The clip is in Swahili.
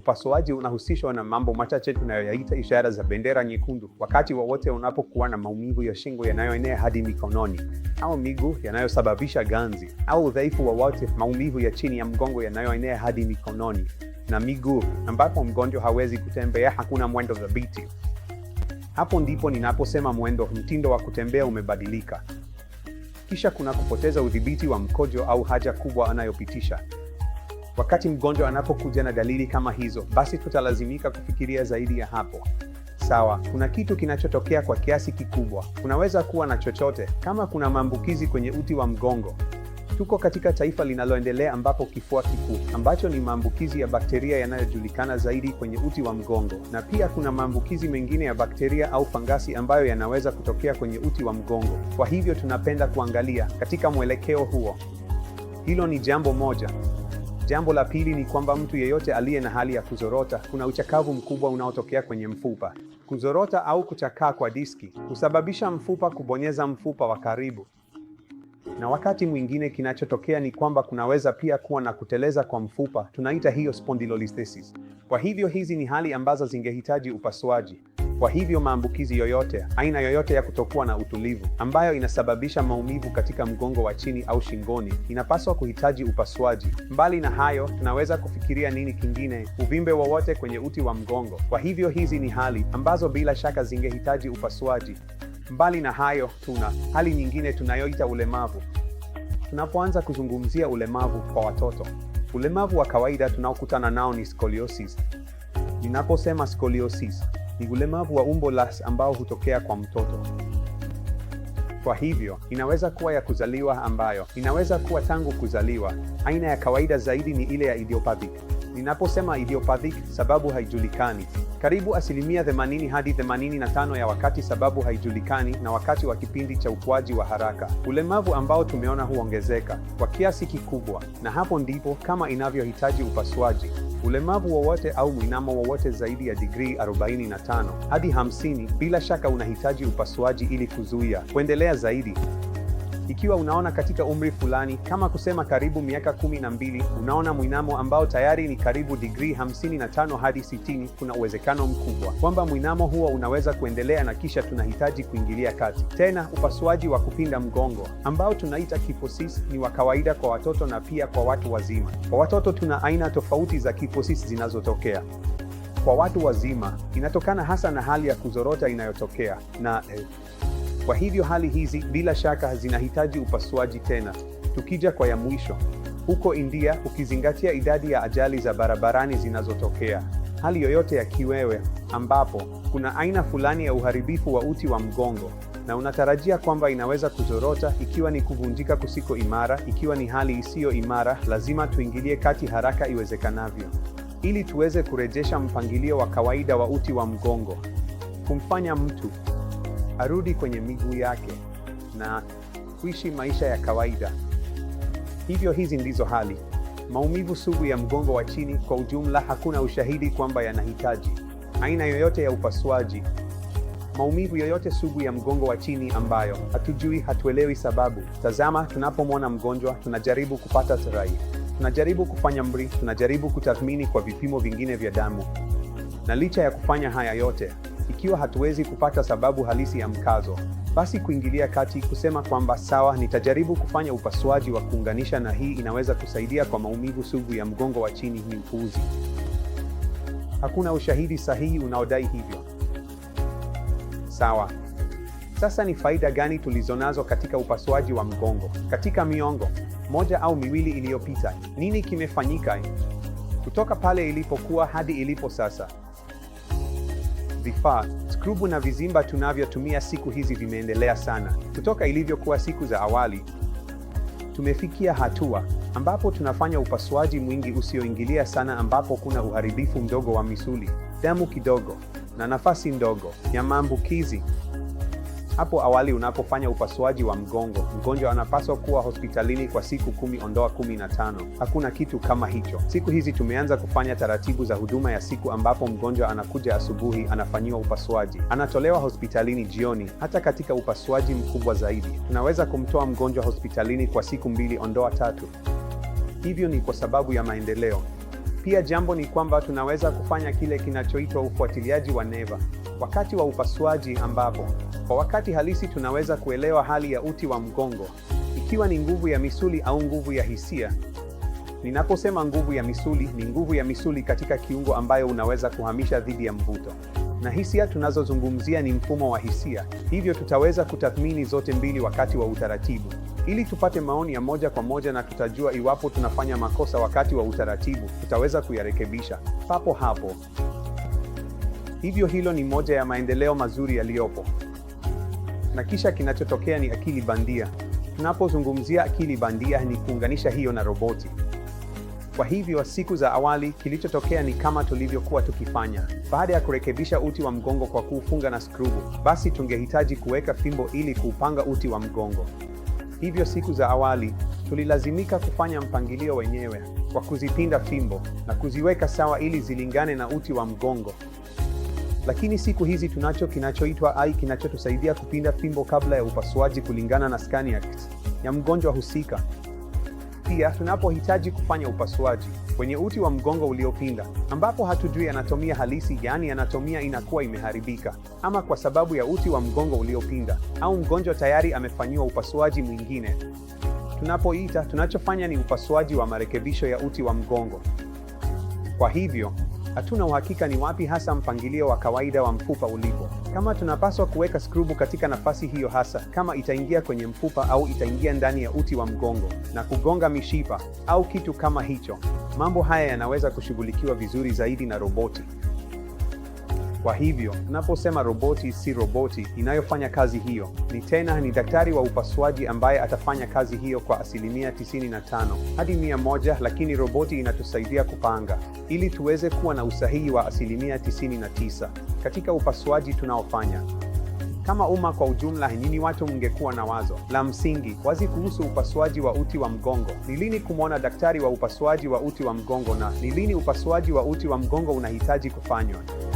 Upasuaji unahusishwa na mambo machache tunayoyaita ishara za bendera nyekundu. Wakati wowote wa unapokuwa na maumivu ya shingo yanayoenea hadi mikononi au miguu yanayosababisha ganzi au udhaifu wowote, maumivu ya chini ya mgongo yanayoenea hadi mikononi na miguu, ambapo mgonjwa hawezi kutembea, hakuna mwendo thabiti, hapo ndipo ninaposema mwendo, mtindo wa kutembea umebadilika. Kisha kuna kupoteza udhibiti wa mkojo au haja kubwa anayopitisha. Wakati mgonjwa anapokuja na dalili kama hizo, basi tutalazimika kufikiria zaidi ya hapo. Sawa, kuna kitu kinachotokea kwa kiasi kikubwa. Kunaweza kuwa na chochote kama kuna maambukizi kwenye uti wa mgongo. Tuko katika taifa linaloendelea ambapo kifua kikuu ambacho ni maambukizi ya bakteria yanayojulikana zaidi kwenye uti wa mgongo, na pia kuna maambukizi mengine ya bakteria au fangasi ambayo yanaweza kutokea kwenye uti wa mgongo. Kwa hivyo tunapenda kuangalia katika mwelekeo huo. Hilo ni jambo moja. Jambo la pili ni kwamba mtu yeyote aliye na hali ya kuzorota, kuna uchakavu mkubwa unaotokea kwenye mfupa. Kuzorota au kuchakaa kwa diski husababisha mfupa kubonyeza mfupa wa karibu, na wakati mwingine kinachotokea ni kwamba kunaweza pia kuwa na kuteleza kwa mfupa, tunaita hiyo spondylolisthesis. Kwa hivyo hizi ni hali ambazo zingehitaji upasuaji. Kwa hivyo maambukizi yoyote, aina yoyote ya kutokuwa na utulivu ambayo inasababisha maumivu katika mgongo wa chini au shingoni inapaswa kuhitaji upasuaji. Mbali na hayo, tunaweza kufikiria nini kingine? Uvimbe wowote kwenye uti wa mgongo. Kwa hivyo hizi ni hali ambazo bila shaka zingehitaji upasuaji. Mbali na hayo, tuna hali nyingine tunayoita ulemavu. Tunapoanza kuzungumzia ulemavu kwa watoto, ulemavu wa kawaida tunaokutana nao ni scoliosis. Ninaposema scoliosis ni ulemavu wa umbo las ambao hutokea kwa mtoto. Kwa hivyo inaweza kuwa ya kuzaliwa, ambayo inaweza kuwa tangu kuzaliwa. Aina ya kawaida zaidi ni ile ya idiopathic. Ninaposema idiopathic, sababu haijulikani. Karibu asilimia 80 hadi 85 ya wakati sababu haijulikani, na wakati wa kipindi cha ukuaji wa haraka, ulemavu ambao tumeona huongezeka kwa kiasi kikubwa, na hapo ndipo kama inavyohitaji upasuaji. Ulemavu wowote au mwinamo wowote zaidi ya digrii 45 hadi 50 bila shaka unahitaji upasuaji ili kuzuia kuendelea zaidi. Ikiwa unaona katika umri fulani kama kusema karibu miaka kumi na mbili, unaona mwinamo ambao tayari ni karibu digrii 55 hadi 60, kuna uwezekano mkubwa kwamba mwinamo huo unaweza kuendelea na kisha tunahitaji kuingilia kati tena. Upasuaji wa kupinda mgongo ambao tunaita kyphosis ni wa kawaida kwa watoto na pia kwa watu wazima. Kwa watoto tuna aina tofauti za kyphosis zinazotokea. Kwa watu wazima inatokana hasa na hali ya kuzorota inayotokea na eh, kwa hivyo hali hizi bila shaka zinahitaji upasuaji tena. Tukija kwa ya mwisho, huko India, ukizingatia idadi ya ajali za barabarani zinazotokea, hali yoyote ya kiwewe ambapo kuna aina fulani ya uharibifu wa uti wa mgongo na unatarajia kwamba inaweza kuzorota, ikiwa ni kuvunjika kusiko imara, ikiwa ni hali isiyo imara, lazima tuingilie kati haraka iwezekanavyo ili tuweze kurejesha mpangilio wa kawaida wa uti wa mgongo. Kumfanya mtu arudi kwenye miguu yake na kuishi maisha ya kawaida. Hivyo hizi ndizo hali: maumivu sugu ya mgongo wa chini. Kwa ujumla, hakuna ushahidi kwamba yanahitaji aina yoyote ya upasuaji. Maumivu yoyote sugu ya mgongo wa chini ambayo hatujui, hatuelewi sababu. Tazama, tunapomwona mgonjwa, tunajaribu kupata tarai, tunajaribu kufanya MRI, tunajaribu kutathmini kwa vipimo vingine vya damu, na licha ya kufanya haya yote ikiwa hatuwezi kupata sababu halisi ya mkazo, basi kuingilia kati, kusema kwamba sawa, nitajaribu kufanya upasuaji wa kuunganisha na hii inaweza kusaidia kwa maumivu sugu ya mgongo wa chini, ni upuuzi. Hakuna ushahidi sahihi unaodai hivyo. Sawa. Sasa ni faida gani tulizonazo katika upasuaji wa mgongo? Katika miongo moja au miwili iliyopita, nini kimefanyika kutoka pale ilipokuwa hadi ilipo sasa? Vifaa, skrubu na vizimba tunavyotumia siku hizi vimeendelea sana kutoka ilivyokuwa siku za awali. Tumefikia hatua ambapo tunafanya upasuaji mwingi usioingilia sana, ambapo kuna uharibifu mdogo wa misuli, damu kidogo na nafasi ndogo ya maambukizi. Hapo awali unapofanya upasuaji wa mgongo, mgonjwa anapaswa kuwa hospitalini kwa siku kumi ondoa kumi na tano. Hakuna kitu kama hicho siku hizi. Tumeanza kufanya taratibu za huduma ya siku, ambapo mgonjwa anakuja asubuhi, anafanyiwa upasuaji, anatolewa hospitalini jioni. Hata katika upasuaji mkubwa zaidi, tunaweza kumtoa mgonjwa hospitalini kwa siku mbili ondoa tatu. Hivyo ni kwa sababu ya maendeleo. Pia jambo ni kwamba tunaweza kufanya kile kinachoitwa ufuatiliaji wa neva wakati wa upasuaji, ambapo kwa wakati halisi tunaweza kuelewa hali ya uti wa mgongo, ikiwa ni nguvu ya misuli au nguvu ya hisia. Ninaposema nguvu ya misuli, ni nguvu ya misuli katika kiungo ambayo unaweza kuhamisha dhidi ya mvuto, na hisia tunazozungumzia ni mfumo wa hisia, hivyo tutaweza kutathmini zote mbili wakati wa utaratibu ili tupate maoni ya moja kwa moja, na tutajua iwapo tunafanya makosa wakati wa utaratibu, tutaweza kuyarekebisha papo hapo. Hivyo hilo ni moja ya maendeleo mazuri yaliyopo. Na kisha kinachotokea ni akili bandia. Tunapozungumzia akili bandia, ni kuunganisha hiyo na roboti. Kwa hivyo siku za awali kilichotokea ni kama tulivyokuwa tukifanya baada ya kurekebisha uti wa mgongo kwa kuufunga na skrubu, basi tungehitaji kuweka fimbo ili kuupanga uti wa mgongo. Hivyo siku za awali tulilazimika kufanya mpangilio wenyewe kwa kuzipinda fimbo na kuziweka sawa ili zilingane na uti wa mgongo. Lakini siku hizi tunacho kinachoitwa AI kinachotusaidia kupinda fimbo kabla ya upasuaji kulingana na skani ya mgonjwa husika. Pia tunapohitaji kufanya upasuaji kwenye uti wa mgongo uliopinda, ambapo hatujui anatomia halisi, yaani anatomia inakuwa imeharibika ama kwa sababu ya uti wa mgongo uliopinda, au mgonjwa tayari amefanyiwa upasuaji mwingine. Tunapoita, tunachofanya ni upasuaji wa marekebisho ya uti wa mgongo. Kwa hivyo hatuna uhakika ni wapi hasa mpangilio wa kawaida wa mfupa ulipo, kama tunapaswa kuweka skrubu katika nafasi hiyo hasa, kama itaingia kwenye mfupa au itaingia ndani ya uti wa mgongo na kugonga mishipa au kitu kama hicho mambo haya yanaweza kushughulikiwa vizuri zaidi na roboti. Kwa hivyo tunaposema roboti, si roboti inayofanya kazi hiyo ni tena, ni daktari wa upasuaji ambaye atafanya kazi hiyo kwa asilimia 95 hadi mia moja, lakini roboti inatusaidia kupanga ili tuweze kuwa na usahihi wa asilimia 99 katika upasuaji tunaofanya. Kama umma kwa ujumla, nini watu mngekuwa na wazo la msingi wazi kuhusu upasuaji wa uti wa mgongo? Ni lini kumwona daktari wa upasuaji wa uti wa mgongo na ni lini upasuaji wa uti wa mgongo unahitaji kufanywa?